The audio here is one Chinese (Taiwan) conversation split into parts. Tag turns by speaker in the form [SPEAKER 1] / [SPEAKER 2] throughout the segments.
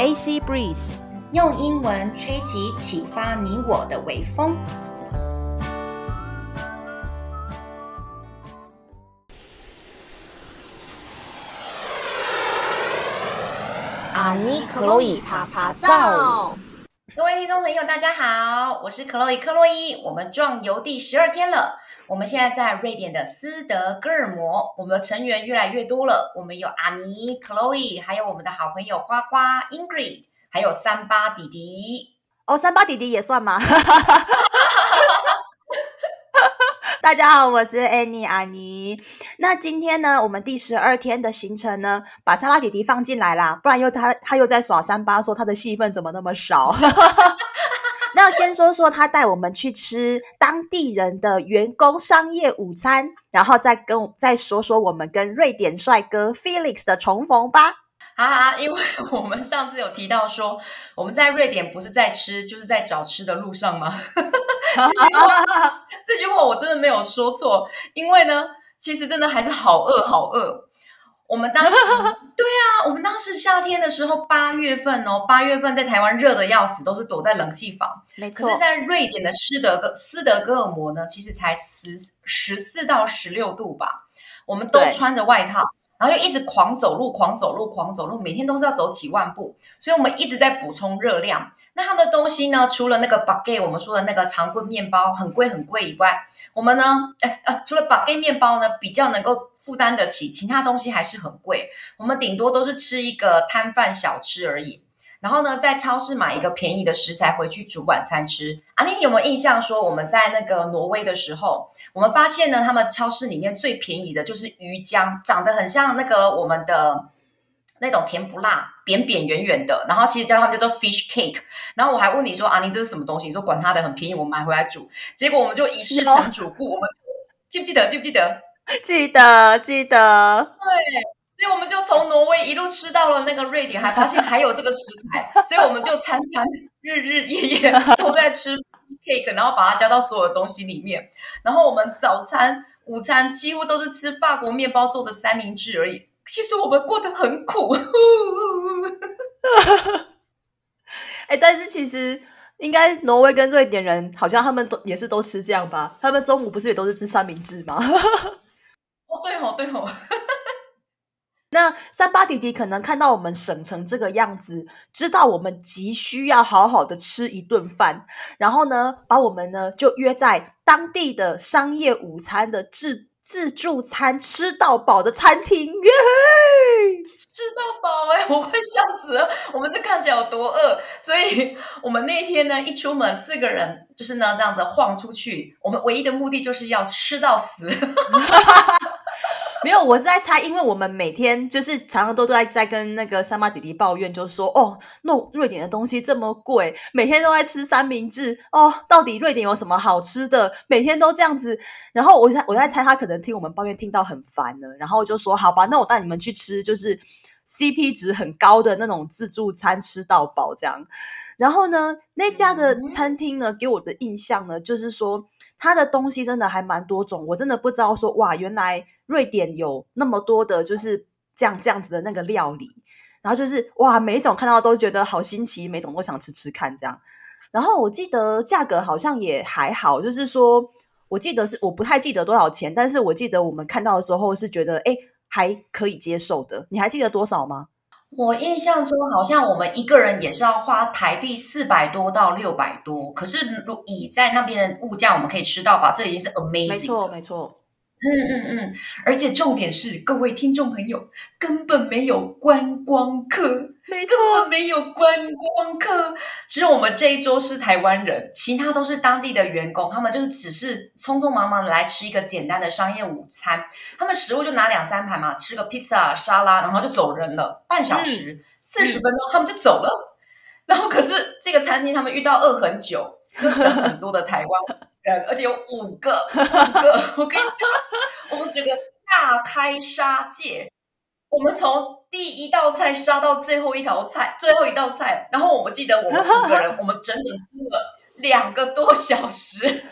[SPEAKER 1] AC Breeze，用英文吹起啟發你我的微風。阿尼姨克洛伊，趴趴造。各位聽眾朋友，大家好，我是克洛伊，克洛伊，我們壯遊第十二天了，我們現在在瑞典的斯德哥爾摩。我們的成員越來越多了，我們有阿尼、Chloe，還有我們的好朋友花花、Ingrid，還有三八底迪。
[SPEAKER 2] 哦，三八底迪也算嗎？大家好，我是 Annie 阿尼。那今天呢，我們第十二天的行程呢，把三八底迪放進來啦，不然又他他又在耍三八，說他的戲份怎麼那麼少。哈哈哈。那先說說他帶我們去吃當地人的員工商業午餐，然後再跟我再說說我們跟瑞典帥哥 Felix 的重逢吧。
[SPEAKER 1] 哈哈，因為我們上次有提到說，我們在瑞典不是在吃就是在找吃的路上嗎？ 這句話 這句話我真的沒有說錯，因為呢，其實真的還是好餓，好餓。 我們當時，對啊，我們當時夏天的時候八月份哦，八月份在台灣熱得要死，都是躲在冷氣房。錯可是在瑞典的斯德哥斯德哥爾摩呢，其實才十十四到十六度吧，我們都穿着外套，對然後又一直狂走路，狂走路，狂走路，每天都是要走幾萬步，所以我們一直在補充熱量。那他的東西呢，除了那個 baguette 我們說的那個長棍麵包很貴很貴以外，我們呢，哎、啊、除了 baguette 麵包呢，比較能夠負擔得起，其他東西還是很貴。我們頂多都是吃一個攤販小吃而已。然後呢，在超市買一個便宜的食材回去煮晚餐吃。阿、啊、麗，你有沒有印象說我們在那個挪威的時候，我們發現呢，他們超市裡面最便宜的就是魚漿，長得很像那個我們的，那種甜不辣，扁扁圓圓的，然後其實叫他們叫做 fish cake。然後我還問你說啊，你這是什麼東西？你說管他的，很便宜，我們買回來煮。結果我們就一試成主顧，有我們記不記得？記不記得？
[SPEAKER 2] 記得，記得。
[SPEAKER 1] 對，所以我們就從挪威一路吃到了那個瑞典，還發現還有這個食材， 所以我們就餐餐日日夜夜都在吃 cake，然後把它加到所有的東西裡面。然後我們早餐、午餐幾乎都是吃法國麵包做的三明治而已。其實我們過
[SPEAKER 2] 得很苦，哎、 欸，但是其實應該挪威跟瑞典人好像他們都也是都吃這樣吧？他們中午不是也都是吃三明治嗎？ 哦，
[SPEAKER 1] 對吼，對吼。
[SPEAKER 2] 那三八底迪可能看到我們省成這個樣子，知道我們急需要好好的吃一頓飯，然後呢，把我們呢就約在當地的商業午餐的制。自助餐吃到飽的餐廳，Yeah!
[SPEAKER 1] 吃到飽欸，我快笑死了！我們這看起來有多餓，所以我們那一天呢，一出門四個人就是呢這樣子晃出去，
[SPEAKER 2] 我們唯一的目的就是要吃到死。 因為我是在猜，因為我們每天就是常常都都在在跟那個三八底迪抱怨就，就是說哦，那瑞典的東西這麼貴，每天都在吃三明治哦，到底瑞典有什麼好吃的？每天都這樣子，然後我在我在猜他可能聽我們抱怨聽到很煩呢。然後就說好吧，那我帶你們去吃，就是 CP 值很高的那種自助餐，吃到飽這樣。然後呢，那家的餐廳呢，給我的印象呢，就是說，它的東西真的還蠻多種，我真的不知道說，哇，原來瑞典有那麼多的，就是這樣這樣子的那個料理，然後就是哇，每種看到都覺得好新奇，每種都想吃吃看這樣。然後我記得價格好像也還好，就是說，我記得是我不太記得多少錢，但是我記得我們看到的時候是覺得誒，還可以接受的，你還記得多少嗎？我印象中，
[SPEAKER 1] 好像我們一個人也是要花台幣四百多到六百多。可是，如以在那邊的物價，我們可以吃到飽，這已經是 amazing。沒錯，
[SPEAKER 2] 沒錯。嗯嗯
[SPEAKER 1] 嗯，而且重點是，各位聽眾朋友根本沒有觀光客，沒錯，根本沒有觀光客。其實我們這一桌是台灣人，其他都是當地的員工，他們就是只是匆匆忙忙的來吃一個簡單的商業午餐，他們食物就拿兩三盤嘛，吃個披薩沙拉，然後就走人了，半小時四十、嗯、分鐘他們就走了。嗯、然後可是這個餐廳他們遇到餓很久，就是很多的台灣人。而且有五個，五個，我跟你講， 我們整個大開殺戒，我們從第一道菜殺到最後一道菜，最後一道菜，然後我們記得我們五個人，我們整整吃了兩個多小時， 真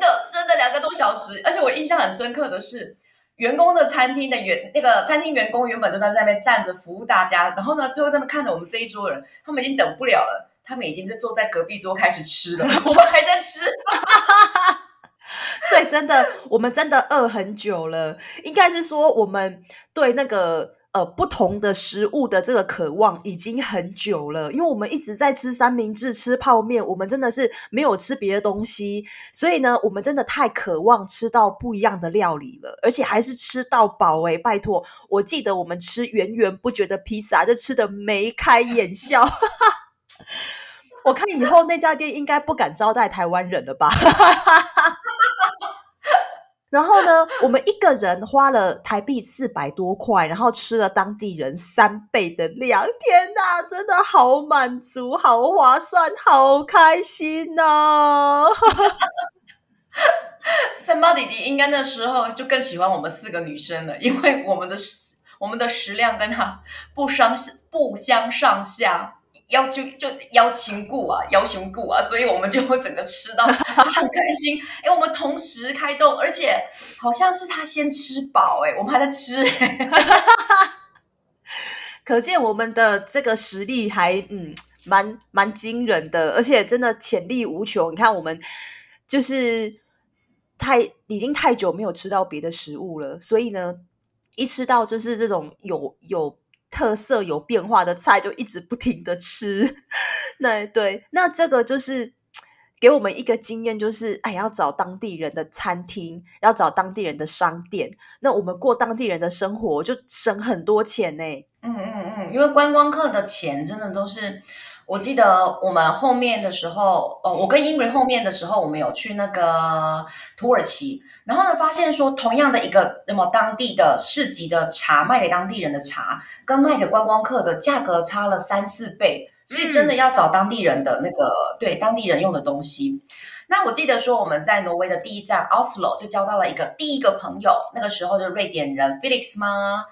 [SPEAKER 1] 的真的兩個多小時，而且我印象很深刻的是，員工的餐廳的員那個餐廳員工原本都在那邊站着服務大家，然後呢，最後在那看着我們這一桌人，他們已經等不了了。他們已經在坐在隔壁桌開始吃了， 我們
[SPEAKER 2] 還在吃。對，真的，我們真的餓很久了。應該是說，我們對那個呃不同的食物的這個渴望，已經很久了，因為我們一直在吃三明治、吃泡麵，我們真的是沒有吃別的東西。所以呢，我們真的太渴望吃到不一樣的料理了，而且還是吃到飽哎、欸！拜託，我記得我們吃源源不絕的披薩，就吃的眉開眼笑。 我看以後那家店應該不敢招待台灣人了吧？ 然後呢，我們一個人花了台幣四百多塊，然後吃了當地人三倍的量。天哪，啊，真的好滿足，好划算，好開心啊！ 三八弟弟應該那時候就更喜歡我
[SPEAKER 1] 們四個女生了，因為我們的我們的食量跟他不相不相上下。邀就就邀請顧啊，邀請顧啊，所以我們就會整個吃到很開心。因為、欸、我們同時開動，而且好像是他先吃飽，哎，我們還在吃、
[SPEAKER 2] 欸，哈哈哈。可見我們的這個實力還嗯蠻蠻驚人的，而且真的潛力無窮。你看我們就是太已經太久沒有吃到別的食物了，所以呢，一吃到就是這種有有。特色有變化的菜，就一直不停的吃。那 對，對，那這個就是給我們一個經驗，就是哎，要找當地人的餐廳，要找當地人的商店，那我們過當地人的生活就省很多錢呢、欸嗯。嗯嗯嗯，因為觀光客的錢真的都是。我記得我們後面的時候，哦，我跟英瑞後
[SPEAKER 1] 面的時候，我們有去那個土耳其，然後呢，發現說同樣的一個那麼當地的市集的茶，賣給當地人的茶，跟賣給觀光客的價格差了三四倍，所以真的要找當地人的那個、嗯、對當地人用的東西。那我記得說我們在挪威的第一站奧斯 o 就交到了一個第一個朋友，那個時候就瑞典人 Felix 嘛。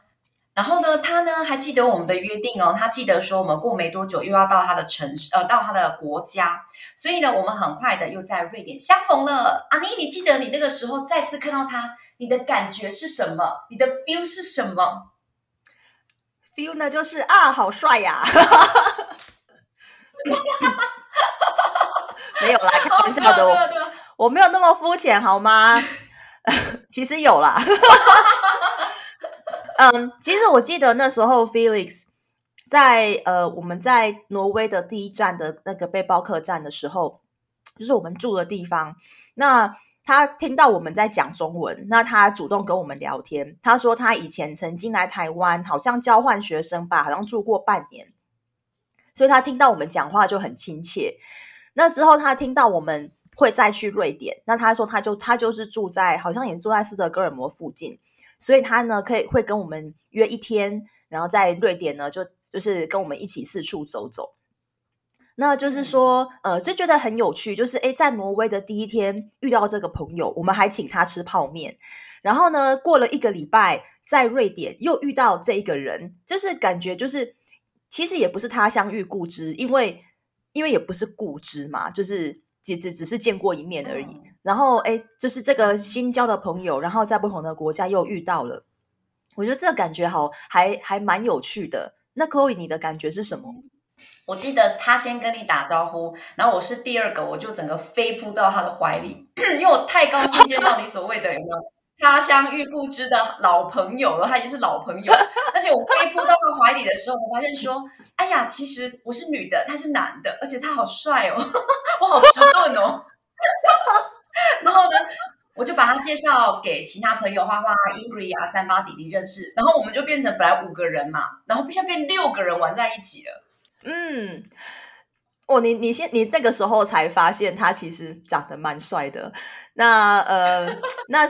[SPEAKER 1] 然後呢，他呢，還記得我們的約定哦，他記得說我們過沒多久又要到他的城市，呃，到他的國家，所以呢，我們很快的又在瑞典相逢了。阿妮，你記得你那個時候再次看到他，你的感覺是
[SPEAKER 2] 什麼？你的 feel 是什麼？feel 呢就是啊，好帥呀！沒有啦，開玩笑的哦，的對對我沒有那麼膚淺，好嗎？ 其實有啦。 嗯，um, 其實我記得那時候 Felix 在呃，我們在挪威的第一站的那個背包客棧的時候，就是我們住的地方。那他聽到我們在講中文，那他主動跟我們聊天。他說他以前曾經來台灣，好像交換學生吧，好像住過半年。所以他聽到我們講話就很親切。那之後他聽到我們會再去瑞典，那他說他就，他就是住在，好像也住在斯德哥爾摩附近。所以他呢，可以會跟我們約一天，然後在瑞典呢，就就是跟我們一起四處走走。那就是說，呃，就覺得很有趣。就是誒在挪威的第一天遇到這個朋友，我們還請他吃泡麵。然後呢，過了一個禮拜，在瑞典又遇到這一個人，就是感覺就是其實也不是他鄉遇故知，因為因為也不是故知嘛，就是只只只是見過一面而已。然後哎，就是這個新交的朋友，然後在不同的國家又遇到了，我覺得這個感覺好，還還蠻有趣的。那 Chloe 你的感覺是什麼？
[SPEAKER 1] 我記得他先跟你打招呼，然後我是第二個，我就整個飛撲到他的懷裡， 因為我太高興見到你所謂的有沒有他鄉遇故知的老朋友了，他已經是老朋友，而且我飛撲到他懷裡的時候，我發現說，哎呀，其實我是女的，他是男的，而且他好帥哦，我好遲鈍哦。 然後呢，我就把他介紹給其他朋友，花花、Ingrid 啊、三八底迪認識。然後我們就變成本來五個人嘛，然後變下變六個人玩在一起
[SPEAKER 2] 了。嗯，哦，你你先你那個時候才發現他其實長得蠻帥的。那呃，那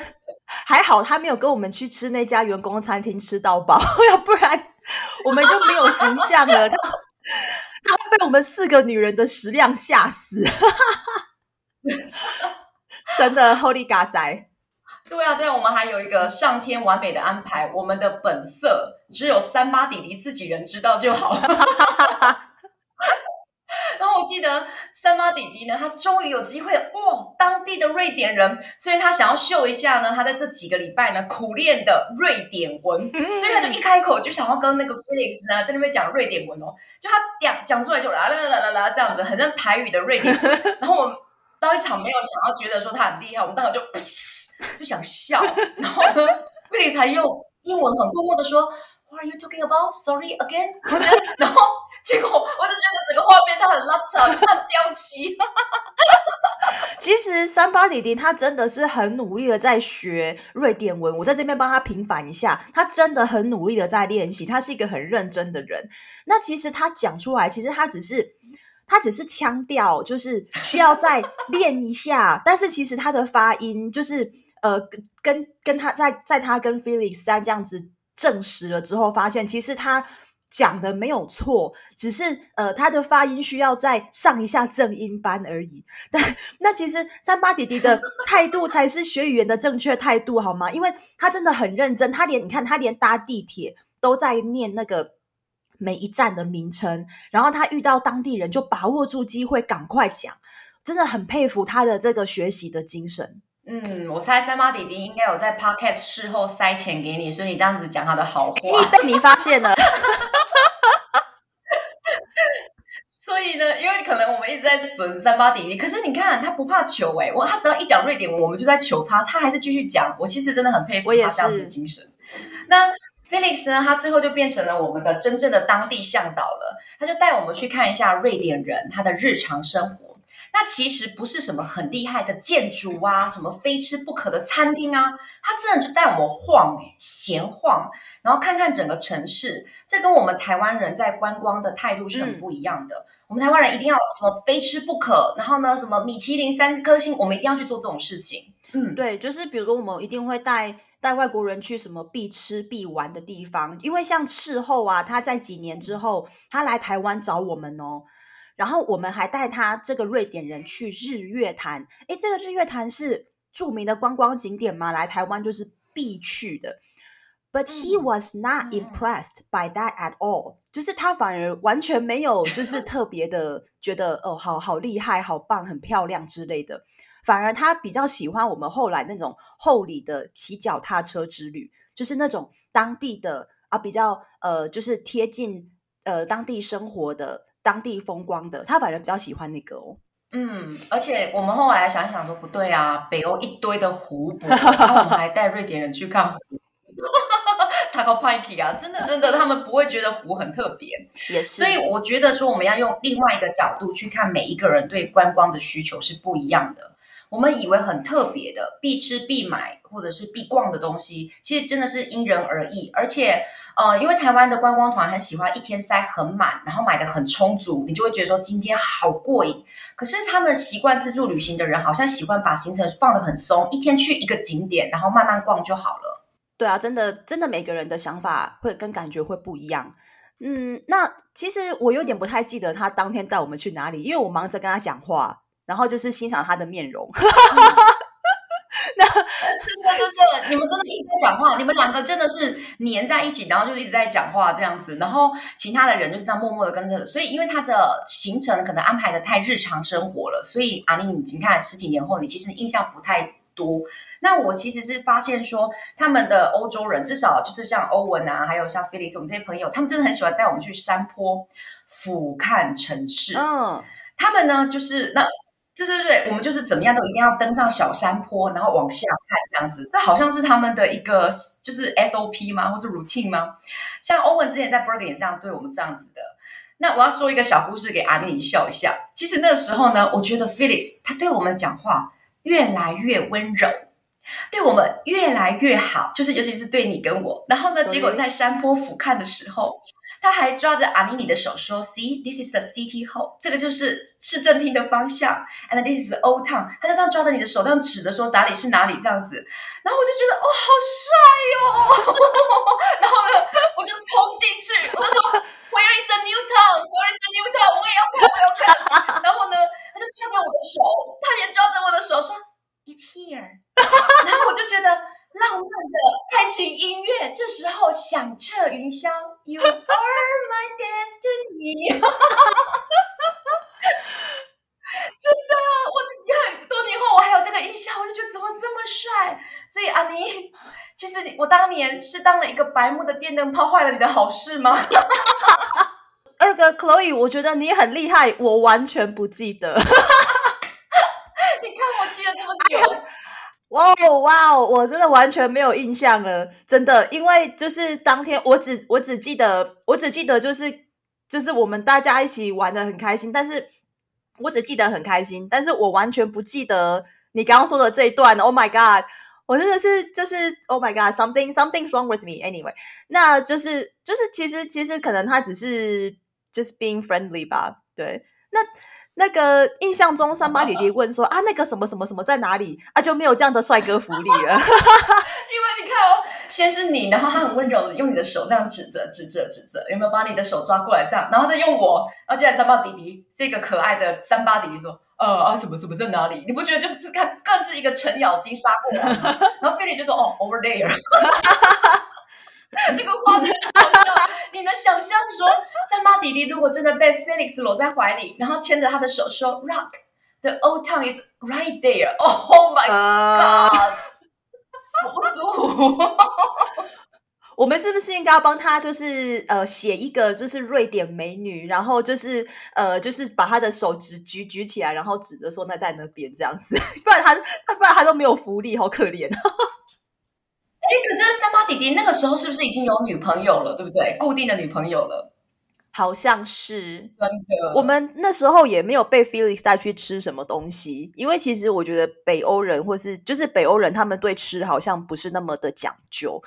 [SPEAKER 2] 還好他沒有跟我們去吃那家員工餐廳吃到飽，要 不然我們就沒有形象了 他。他被我們四個女人的食量嚇死。 真的 Holy God
[SPEAKER 1] 對啊，對啊，我們還有一個上天完美的安排，我們的本色只有三八底迪自己人知道就好了。 然後我記得三八底迪呢，他終於有機會哦，當地的瑞典人，所以他想要秀一下呢，他在這幾個禮拜呢苦練的瑞典文， 所以他就一開一口就想要跟那個 Felix 呢在那邊講瑞典文哦，就他講講出來就啦啦啦啦啦這樣子，很像台語的瑞典文， 然後我們。當場沒有想要覺得說他很厲害，我們當場就就想笑。然後呢比利才用英文很幽默的說 What are you talking about? Sorry again。” 然後結果我就覺得整個畫面都很 他很拉扯，很掉漆。
[SPEAKER 2] 其實三八底迪他真的是很努力的在學瑞典文，我在這邊幫他平反一下，他真的很努力的在練習，他是一個很認真的人。那其實他講出來，其實他只是。他只是腔調，就是需要再練一下。 但是其實他的發音，就是呃，跟跟他在在他跟 Felix 在這，這樣子證實了之後，發現其實他講的沒有錯，只是呃，他的發音需要再上一下正音班而已。但 那其實三八底迪的態度才是學語言的正確態度，好嗎？因為他真的很認真，他連你看他連搭地鐵都在念那個。每一站的名稱，然後他遇到當地人就把握住機會，趕快講，真的很佩服他的這個學習的精神。嗯，我
[SPEAKER 1] 猜三八弟弟應該有在 podcast 事後塞錢給你，所以你這樣子講他的好話。
[SPEAKER 2] 被你發現了。
[SPEAKER 1] 所以呢，因為可能我們一直在損三八弟弟，可是你看他不怕求哎、欸，我他只要一講瑞典我們就在求他，他還是繼續講。我其實真的很佩服他這樣子的精神。那。Felix 呢？他最後就變成了我們的真正的當地嚮導了。他就帶我們去看一下瑞典人他的日常生活。那其實不是什麼很厲害的建築啊，什麼非吃不可的餐廳啊。他真的就帶我們晃，哎，閒晃，然後看看整個城市。這跟我們台灣人在觀光的態度是很不一樣的。嗯，我們台灣人一定要什麼非吃不可，然後呢，什麼米其林三
[SPEAKER 2] 顆星，我們一定要去做這種事情。嗯，對，就是比如說我們一定會帶。帶外國人去什麼必吃必玩的地方？因為像事後啊，他在幾年之後，他來台灣找我們哦，然後我們還帶他這個瑞典人去日月潭。誒，這個日月潭是著名的觀光景點嗎？來台灣就是必去的。But he was not impressed by that at all，就是他反而完全沒有，就是特別的覺得 哦，好好厲害、好棒、很漂亮之類的。反而他比較喜歡我們後來那種厚禮的騎腳踏車之旅，就是那種當地的啊，比較呃，就是貼近呃當地生活的、當地風光的。他反而比較喜歡那個哦。嗯，
[SPEAKER 1] 而且我們後來想想說，不對啊，北歐一堆的湖泊，我們還帶瑞典人去看湖 t a k o p i k 啊，真的真的，他們不會覺得湖很特別，也是。所以我覺得說，我們要用另外一個角度去看每一個人對觀光的需求是不一樣的。我們以為很特別的必吃、必買或者是必逛的東西，其實真的是因人而異。而且，呃，因為台灣的觀光團很喜歡一天塞很滿，然後買的很充足，你就會覺得說今天好過癮。可是他們習慣自助旅行的人，好像喜歡把行程放得很鬆，一天去一個景點，然後慢慢逛就好了。
[SPEAKER 2] 對啊，真的，真的，每個人的想法會跟感覺會不一樣。嗯，那其實我有點不太記得他當天帶我們去哪裡，因為我忙着跟他講話。然後就是欣賞他的面容。那真的真的，你們真的一直在講話，你們
[SPEAKER 1] 兩個真的是黏在一起，然後就一直在講話這樣子。然後其他的人就是這樣默默的跟着。所以因為他的行程可能安排的太日常生活了，所以阿寧、啊，你已經看十幾年後，你其實印象不太多。那我其實是發現說，他們的歐洲人至少就是像歐文啊，還有像 Felix 我們這些朋友，他們真的很喜歡帶我們去山坡俯瞰城市。嗯，他們呢就是那。對對對，我們就是怎麼樣都一定要登上小山坡，然後往下看這樣子。這好像是他們的一個就是 SOP 嗎，或是 routine 嗎？像歐文之前在 Bergen 也是這樣對我們這樣子的。那我要說一個小故事給阿麗笑一下。其實那時候呢，我覺得 Felix 他對我們講話越來越溫柔，對我們越來越好，就是尤其是對你跟我。然後呢，結果在山坡俯瞰的時候。嗯他還抓着阿妮妮的手說，See this is the city hall，這個就是市政廳的方向，and this is the old town。他就這樣抓着你的手，這樣指着說哪裡是哪裡這樣子。然後我就覺得、oh, 哦，好帥喲！然後呢，我就衝進去，我就說，where is the new town，where is the new town，the new town 我也要看，我也要看。也要看 然後呢，他就抓着我的手，他也抓着我的手說，It's here。 然後我就覺得浪漫的愛情音樂這時候響徹雲霄。You are my destiny，哈哈哈哈哈！真的、啊，我很多年後我還有這個印象，我就覺得怎麼這麼帥？所以安妮、啊，其實我當年是當了一個白目的電燈泡，壞了你的好事嗎？
[SPEAKER 2] 二哥，Chloe，我覺得你很厲害，我完全不記得。 哇哦哇哦，wow, wow, 我真的完全沒有印象了，真的，因為就是當天我只我只記得我只記得就是就是我們大家一起玩得很開心，但是我只記得很開心，但是我完全不記得你剛剛說的這一段。Oh my god，我真的是就是 Oh my god，something something, something wrong with me anyway。Anyway，那就是就是其實其實可能他只是 just being friendly 吧，對，那。那個印象中三八弟弟問說啊，那個什麼什麼什麼在哪裡啊，就沒有這樣的帥哥福利了。 因為你看哦，先是你，然後他很溫柔的用你的手這樣指着指着指着，有沒有把你的手抓過來這樣，然後再用
[SPEAKER 1] 我，然後接下來三八弟弟這個可愛的三八弟弟說，呃啊什麼什麼在哪裡？你不覺得就是看更是一個程咬金殺過嗎 然後菲力就說哦，over there。那個畫你能想象說，三八弟弟如果真的被 Felix 摟在
[SPEAKER 2] 懷裡，然後牽着他的手說 Rock the old town is right there。Oh my god，我不舒服。我們是不是應該要幫他，就是呃寫一個，就是瑞典美女，然後就是呃就是把他的手指舉舉起來，然後指着說那在那邊這樣子， 不然他他不然他都沒有福利，好可憐。 哎，可是三八底
[SPEAKER 1] 迪那個時候是不是已經有女朋友了，對不對？固定的女朋友了，好像是。真的。我們
[SPEAKER 2] 那時候也沒有被 Felix 帶去吃什麼東西，因為其實我覺得北歐人或是就是北歐人，他們對吃好像不是那麼的講究。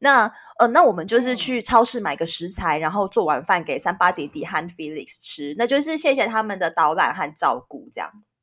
[SPEAKER 2] 那呃，那我們就是去超市買個食材，嗯、然後做完飯給三八底迪和 Felix 吃，那就是謝謝他們的導覽和照顧，這樣。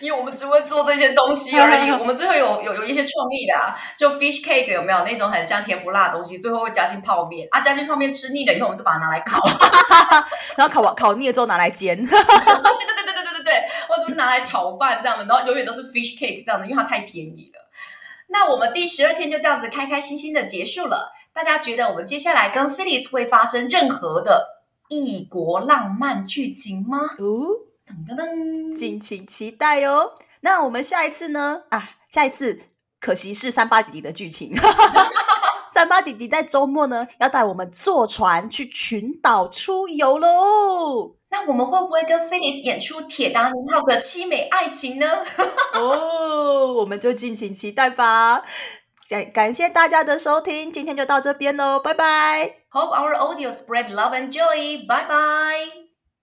[SPEAKER 1] 因為我們只會做這些東西而已， 我們最後有有有一些創意的，啊，就 fish cake 有沒有那種很像甜不辣的東西，最後會加進泡麵，啊，加進泡麵吃膩了以後，我們就把它拿來烤，
[SPEAKER 2] 然後烤完烤膩了之後拿來煎，對
[SPEAKER 1] 對對對對對對對，我怎麼拿來炒飯這樣的，然後永遠都是 fish cake 這樣的，因為它太便宜了。那我們第十二天就這樣子開開心心的結束了，大家覺得我們接下來跟 Felix 會發生任何的異國浪漫
[SPEAKER 2] 劇情嗎？嗯噔噔，敬請期待喲。哦，那我們下一次呢？啊，下一次可惜是三八弟弟的劇情。 三八弟弟在週末呢，要帶我們坐船去群島出遊嘍。那我們會不會跟 Felix 演出鐵達尼號的淒美愛情呢？ 哦，我們就敬請期待吧。感感謝大家的收聽，今天就到這邊嘍，拜拜。Hope our audio spread love and joy. 拜拜。